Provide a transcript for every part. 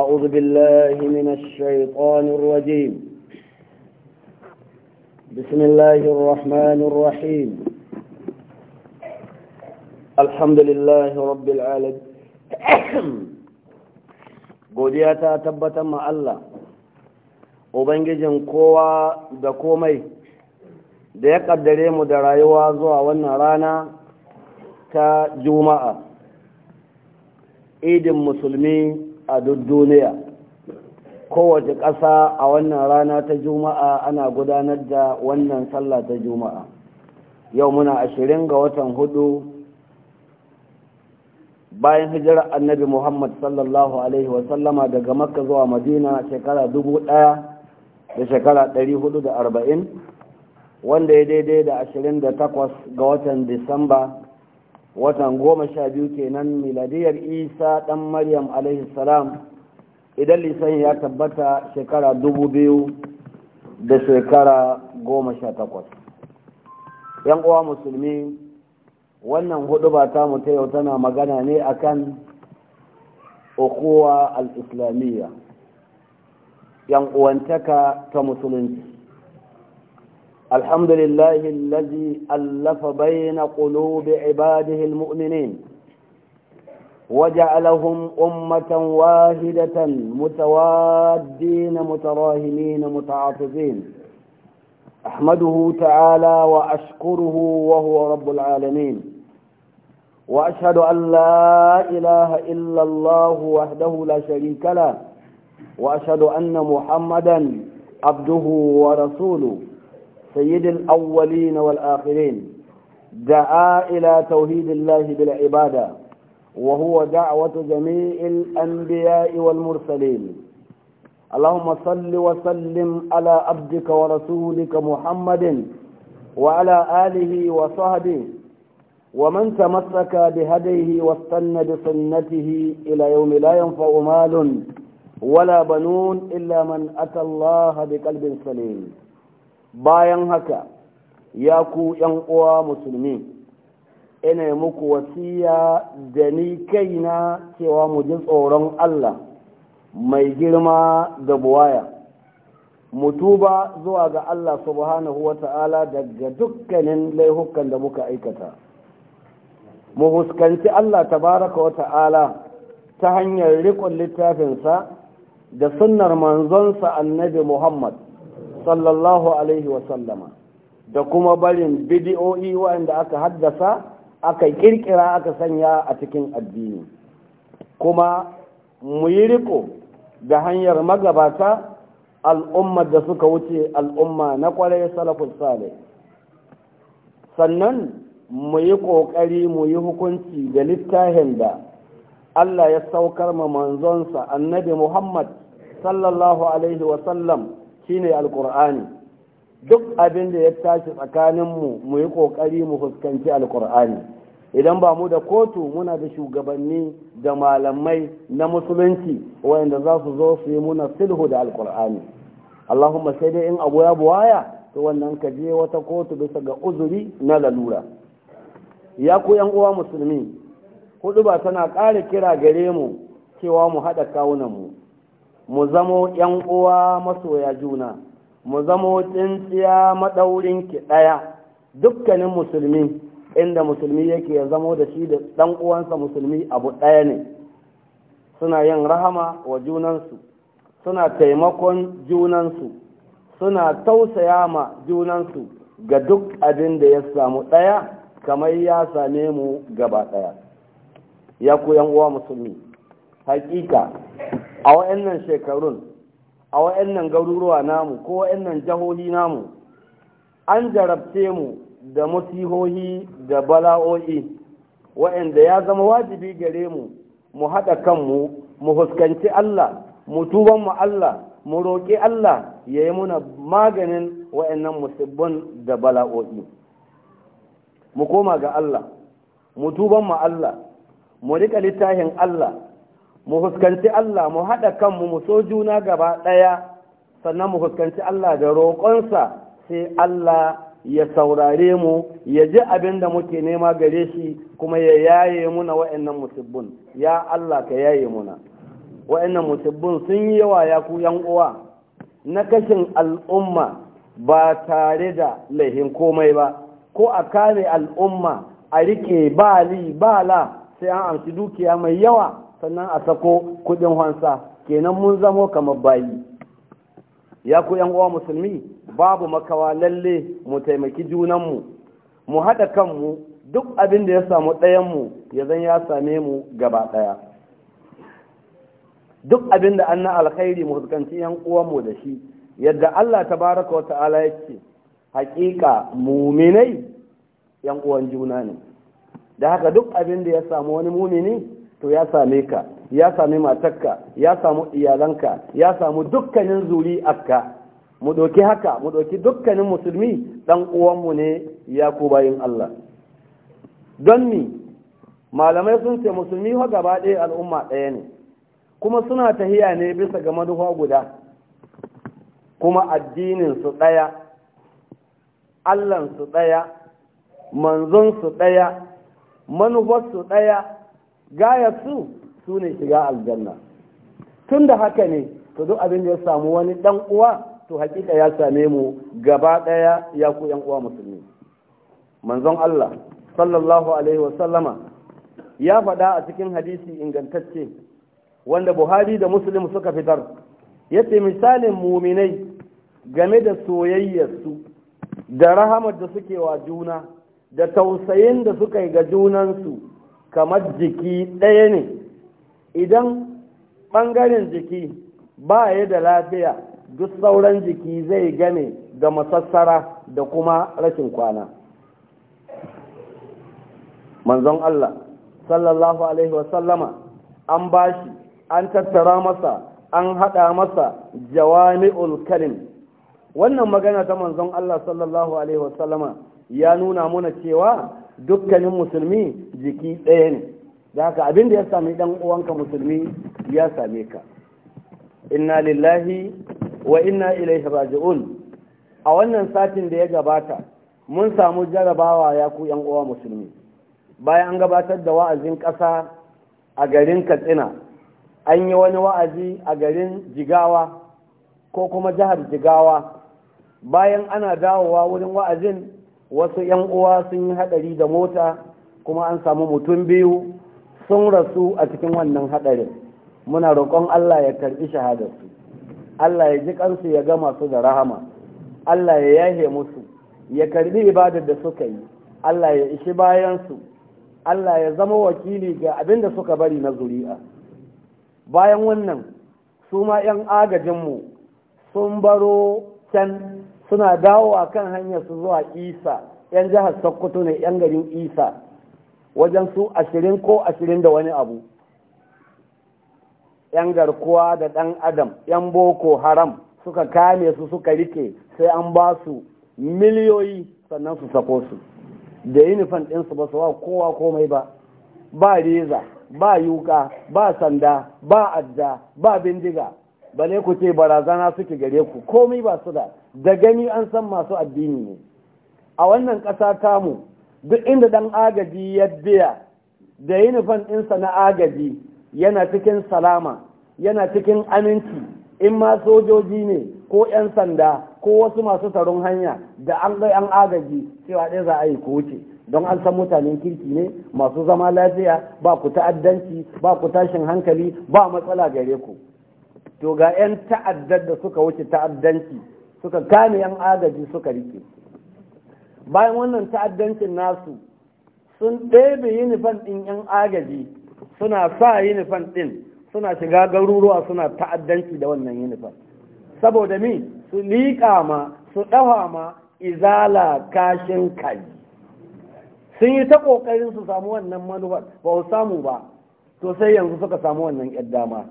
أعوذ بالله من الشيطان الرجيم بسم الله الرحمن الرحيم الحمد لله رب العالمين godiya ta tabbatar ma Allah ubangijin kowa da komai da ya kaddare mu da rayuwa zuwa wannan rana ta juma'a idin musulmi a duk duniya kowace ƙasa a wannan rana ta juma'a ana gudanar da wannan sallah ta juma'a yau muna ashirin ga watan hudu bayan hijirar annabi muhammad sallallahu alaihi wasallama daga makka zuwa madina shekara dubu ɗaya da shekara ɗari hudu da arba'in wanda ya daidai da ashirin da takwas ga watan disamba watan goma sha biyu kenan miladiyar isa ɗan maryam alaihi salam idan lisan ya tabbata shekara dubu biyu da shekara goma sha takwas yan uwa musulmi wannan hudu ba ta ta yau tana magana ne akan ukuwa al-islamiyya yan uwantaka ta musulunci الحمد لله الذي ألف بين قلوب عباده المؤمنين وجعلهم أمة واحدة متوادين متراهمين متعاطفين أحمده تعالى وأشكره وهو رب العالمين وأشهد أن لا إله إلا الله وحده لا شريك له وأشهد أن محمدا عبده ورسوله سيد الأولين والآخرين دعا إلى توحيد الله بالعبادة وهو دعوة جميع الأنبياء والمرسلين اللهم صل وسلم على عبدك ورسولك محمد وعلى آله وصحبه ومن تمسك بهديه واستنى بسنته إلى يوم لا ينفع مال ولا بنون إلا من أتى الله بقلب سليم bayan haka ya ku ‘yan uwa musulmi ina muku wasiya da ni kaina cewa mu ji tsoron Allah mai girma da buwaya mu tuba zuwa ga Allah subhanahu wa daga dukkanin laihukan da muka aikata mu huskanci Allah tabaraka wa ta'ala ta hanyar riƙon littafinsa da sunnar manzonsa annabi Muhammad sallallahu alaihi wasallama da kuma barin bidiyoyi waɗanda aka haddasa aka kirkira aka sanya a cikin addini kuma mu yi riko da hanyar magabata al'umma da suka wuce al'umma na kwarai salafus salih sannan mu yi ƙoƙari mu yi hukunci da littafin da Allah ya saukar ma manzonsa annabi Muhammad sallallahu alaihi wasallam shine alkur'ani duk abin da ya tashi tsakaninmu mu yi ƙoƙari mu fuskanci alkur'ani idan ba mu da kotu muna da shugabanni da malamai na musulunci wanda za su zo su yi muna sulhu da alkur'ani allahumma sai dai in abu ya buwaya to wannan ka je wata kotu bisa ga uzuri na lalura ya ku yan uwa musulmi hudu ba tana ƙara kira gare mu cewa mu haɗa kawunan mu mu zamo ‘yan uwa masoya juna, mu zamo tsintsiya maɗaurin ki ɗaya, dukkanin musulmi inda musulmi yake ya zamo da shi da ɗan uwansa musulmi abu ɗaya ne. Suna yin rahama wa junansu, suna taimakon junansu, suna tausaya ma junansu ga duk abin da ya samu ɗaya kamar ya same mu gaba ɗaya. Ya ku uwa musulmi, hakika a wa'annan shekarun a wa'annan garuruwa namu ko wa'annan jahohi namu an jarabce mu da musihohi da bala'o'i wa'anda ya zama wajibi gare mu mu haɗa kanmu mu fuskanci Allah mu tuban mu Allah mu roƙi Allah ya yi muna maganin wa'annan musibbin da bala'o'i mu koma ga Allah mu tuban mu Allah mu riƙa littafin Allah mu fuskanci Allah mu haɗa kanmu mu so juna gaba ɗaya sannan mu fuskanci Allah da roƙonsa sai Allah ya saurare mu ya ji abin da muke nema gare shi kuma ya yaye muna wa'annan musibbin ya Allah ka yaye muna wa'annan musibbin sun yi yawa ya ku yan uwa na kashin al'umma ba tare da laihin komai ba ko a kare al'umma a rike bali bala sai an amshi dukiya mai yawa sannan a sako kudin hansa kenan mun zamo kamar bayi ya ku yan uwa musulmi babu makawa lalle mu taimaki junanmu mu haɗa kanmu duk abin da ya samu ɗayanmu ya zan ya same mu gaba ɗaya duk abin da an na alkhairi mu fuskanci yan uwanmu da shi yadda Allah Ta baraka wa ta'ala yake haƙiƙa muminai yan uwan juna ne da haka duk abin da ya samu wani mumini to ya same ka ya same matarka ya samu iyalanka ya samu dukkanin zuri zuri'arka mu ɗauki haka mu ɗauki dukkanin musulmi ɗan uwanmu ne ya ku bayin Allah don ni malamai sun ce musulmi ho gaba ɗaya al'umma ɗaya ne kuma suna tahiya ne bisa ga maduwa guda kuma addinin su ɗaya allah su ɗaya manzon su ɗaya manufar su ɗaya gayar su su ne shiga aljanna tun da haka ne to duk abin da ya samu wani dan uwa to hakika ya same mu gaba daya ya ku yan uwa musulmi manzon Allah sallallahu alaihi wasallama ya faɗa a cikin hadisi ingantacce wanda Buhari da Muslim suka fitar yace misalin muminai game da soyayyarsu da rahamar da suke wa juna da tausayin da suka yi ga junansu kamar jiki ɗaya ne idan ɓangaren jiki ba ya da lafiya duk sauran jiki zai game ga masassara da kuma rashin kwana manzon Allah sallallahu alaihi wasallama an bashi an tattara masa an haɗa masa jawami'ul kalim wannan magana ta manzon Allah sallallahu alaihi wasallama ya nuna muna cewa dukkanin musulmi jiki ɗaya ne da haka abin da ya sami ɗan uwanka musulmi ya same ka inna lillahi wa inna ilaihi raji'un a wannan satin da ya gabata mun samu jarabawa ya ku yan uwa musulmi bayan an gabatar da wa'azin ƙasa a garin katsina an yi wani wa'azi a garin jigawa ko kuma jihar jigawa bayan ana dawowa wurin wa'azin wasu 'yan uwa sun yi haɗari da mota kuma an samu mutum biyu sun rasu a cikin wannan haɗarin muna roƙon Allah ya karɓi shahadarsu Allah ya ji kansu ya gama su da rahama Allah ya yahe musu ya karɓi ibadar da suka yi Allah ya ishi bayansu Allah ya zama wakili ga abin da suka bari na zuri'a bayan wannan su ma 'yan agajinmu sun baro can suna dawo a kan hanyar su zuwa isa yan jihar sokoto ne yan garin isa wajen su ashirin ko ashirin da wani abu yan garkuwa da ɗan adam yan boko haram suka kame su suka rike sai an ba su miliyoyi sannan su sako su da inifom ɗinsu ba su wa kowa komai ba ba reza ba yuka ba sanda ba adda ba bindiga bale ku ce barazana suke gare ku komai ba su da da gani an san masu addini ne a wannan ƙasa tamu duk inda ɗan agaji ya biya da yunifan ɗinsa na agaji yana cikin salama yana cikin aminci in ma sojoji ne ko 'yan sanda ko wasu masu tsaron hanya da an ga 'yan agaji cewa ɗaya za a yi ku wuce don an san mutanen kirki ne masu zama lafiya ba ku ta'addanci ba ku tashin hankali ba matsala gare ku to ga 'yan ta'addar da suka wuce ta'addanci suka kame 'yan agaji suka rike bayan wannan ta'addancin nasu sun ɗebe yunifan ɗin 'yan agaji suna sa yunifan ɗin suna shiga garuruwa suna ta'addanci da wannan yunifan saboda mi su liƙa ma su ɗawa ma izala kashin kaji sun yi ta ƙoƙarin su samu wannan manufar ba su samu ba to sai yanzu suka samu wannan 'yan dama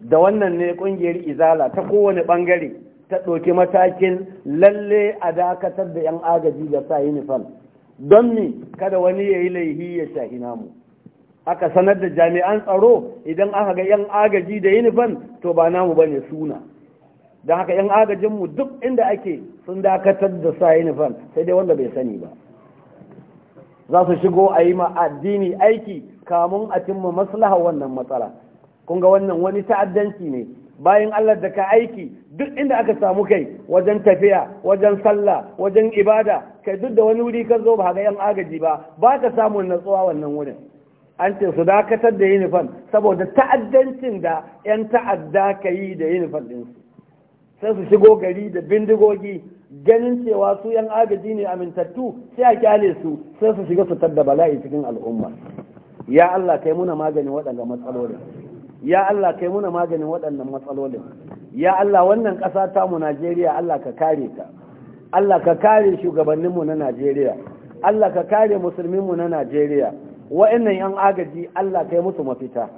da wannan ne kungiyar izala ta kowane bangare ta ɗauki matakin lalle a dakatar da 'yan agaji da sa yunifam don mi kada wani ya yi laihi ya shahi namu aka sanar da jami'an tsaro idan aka ga 'yan agaji da yunifam to ba namu ba ne suna don haka 'yan agajinmu duk inda ake sun dakatar da sa yunifam sai dai wanda bai sani ba za su shigo a yi ma addini aiki kamun a cimma maslaha wannan matsala kun ga wannan wani ta'addanci ne bayan Allah da ka aiki duk inda aka samu kai wajen tafiya wajen sallah wajen ibada kai duk da wani wuri ka zo ba ga yan agaji ba ba ka samun natsuwa wannan wurin an ce su dakatar da yunifan saboda ta'addancin da yan ta'adda ka yi da din ɗinsu sai su shigo gari da bindigogi ganin cewa su yan agaji ne amintattu sai a kyale su sai su shiga su tadda bala'i cikin al'umma ya Allah kai muna maganin waɗanda matsaloli. ya Allah kai muna maganin waɗannan matsalolin ya Allah wannan ƙasa ta mu Najeriya Allah ka kare ta Allah ka kare shugabannin mu na Najeriya Allah ka kare musulmin mu na Najeriya wa'annan yan agaji Allah kai musu mafita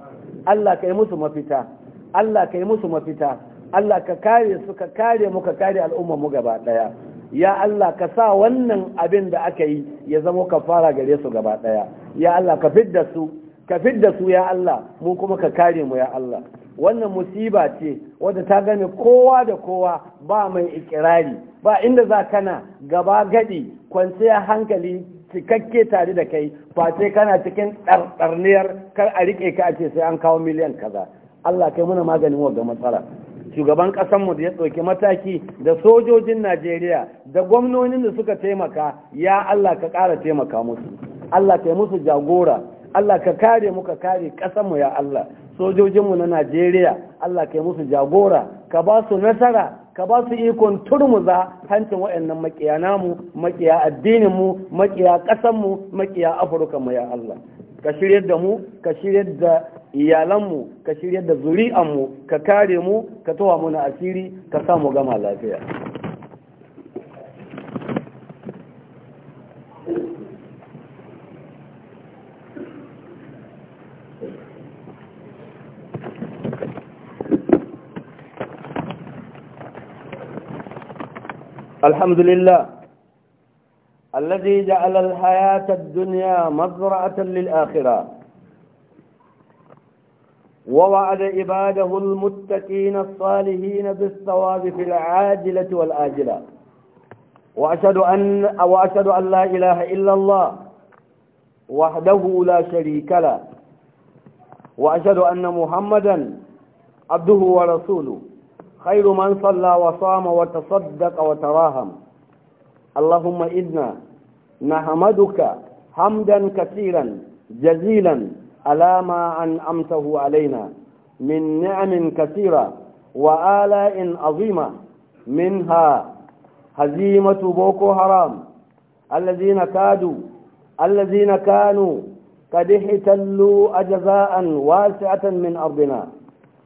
Allah kai musu mafita Allah kai musu mafita Allah ka kare su ka kare mu ka kare al'umma mu gaba daya ya Allah ka sa wannan abin da aka yi ya zama kafara gare su gaba daya ya Allah ka fidda su ka da su ya Allah mu kuma ka kare mu ya Allah wannan musiba ce wadda ta gane kowa da kowa ba mai ikirari ba inda za kana gaba gadi kwanciyar hankali cikakke tare da kai ba sai kana cikin ɗarɗarniyar kar a riƙe ka a ce sai an kawo miliyan kaza Allah kai muna maganin wa ga matsala shugaban mu da ya ɗauki mataki da sojojin Najeriya da gwamnonin da suka taimaka ya Allah ka ƙara taimaka musu Allah kai musu jagora Allah ka kare mu ka kare mu ya Allah sojojinmu na Najeriya Allah ka yi musu jagora ka ba su nasara ka ba su ikon turmuza hancin waɗannan makiya namu makiya addininmu makiya ƙasanmu makiya afirkanmu ya Allah ka shiryar da mu ka shiryar da iyalanmu ka shiryar da zuri'anmu ka kare mu ka towa muna asiri ka mu gama lafiya الحمد لله الذي جعل الحياة الدنيا مزرعة للآخرة ووعد عباده المتقين الصالحين بالثواب في العاجلة والآجلة وأشهد أن, وأشهد أن لا إله إلا الله وحده لا شريك له وأشهد أن محمدا عبده ورسوله خير من صلى وصام وتصدق وتراهم اللهم إنا نحمدك حمدا كثيرا جزيلا على ما أنعمته علينا من نعم كثيرة وآلاء عظيمة منها هزيمة بوكو حرام الذين كادوا الذين كانوا قد احتلوا أجزاء واسعة من أرضنا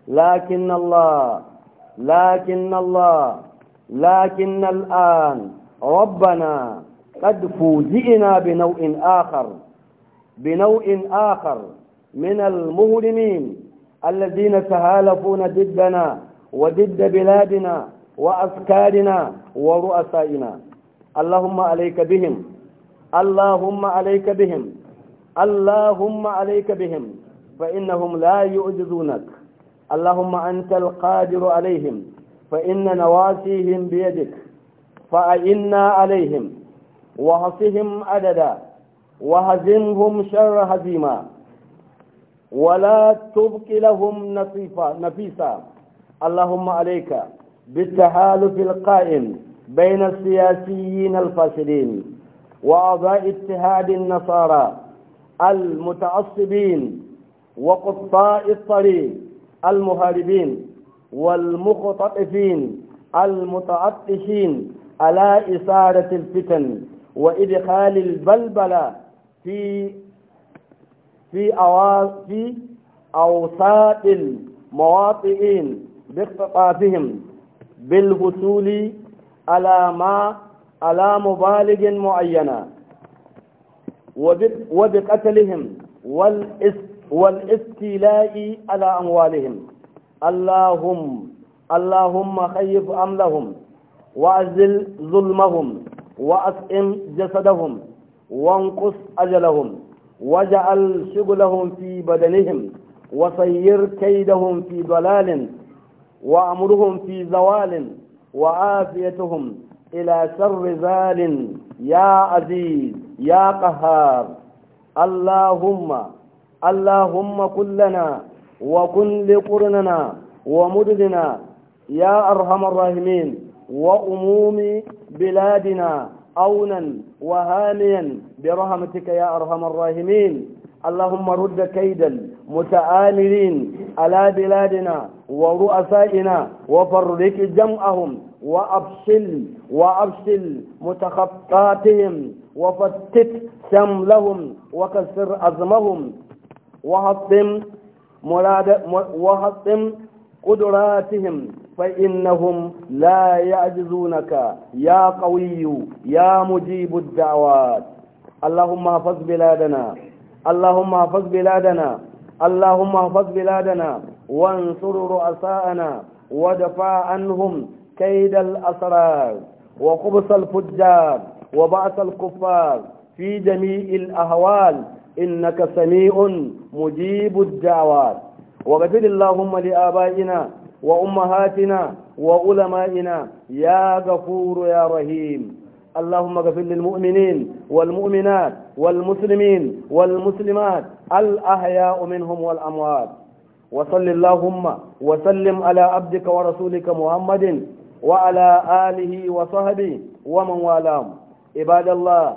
لكن الله لكن الله لكن الآن ربنا قد فوجئنا بنوع آخر بنوع آخر من المظلمين الذين تهالفون ضدنا وضد بلادنا وأفكارنا ورؤسائنا اللهم عليك بهم اللهم عليك بهم اللهم عليك بهم فإنهم لا يعجزونك اللهم أنت القادر عليهم فإن نواسيهم بيدك فأئنا عليهم وهصهم عددا وهزمهم شر هزيما ولا تبق لهم نصيفا نفيسا اللهم عليك بالتحالف القائم بين السياسيين الفاسدين وأعضاء اتحاد النصارى المتعصبين وقطاع الطريق المهاربين والمختطفين المتعطشين على إثارة الفتن وإدخال البلبلة في في في أوساط المواطئين باختطافهم بالوصول على ما على مبالغ معينة وبقتلهم والاست والاستيلاء على أموالهم اللهم اللهم خيف أملهم وأزل ظلمهم وأسئم جسدهم وانقص أجلهم وجعل شغلهم في بدنهم وسير كيدهم في ضلال وأمرهم في زوال وعافيتهم إلى شر زال يا عزيز يا قهار اللهم اللهم كلنا وكن لقرننا ومدننا يا أرحم الراحمين وأموم بلادنا أونا وهانيا برحمتك يا أرحم الراحمين اللهم رد كيدا متآمرين على بلادنا ورؤسائنا وفرق جمعهم وأبصل وأبصل متخطاتهم وفتت شملهم وكسر أزمهم وهضم مراد وهضم قدراتهم فإنهم لا يعجزونك يا قوي يا مجيب الدعوات اللهم احفظ بلادنا اللهم احفظ بلادنا اللهم احفظ بلادنا وانصر رؤساءنا ودفع عنهم كيد الأسرار وقبص الفجار وبعث الكفار في جميع الأهوال إنك سميع مجيب الدعوات وغفر اللهم لآبائنا وأمهاتنا وعلمائنا يا غفور يا رحيم اللهم اغفر للمؤمنين والمؤمنات والمسلمين والمسلمات الأحياء منهم والأموات وصل اللهم وسلم على عبدك ورسولك محمد وعلى آله وصحبه ومن والاه عباد الله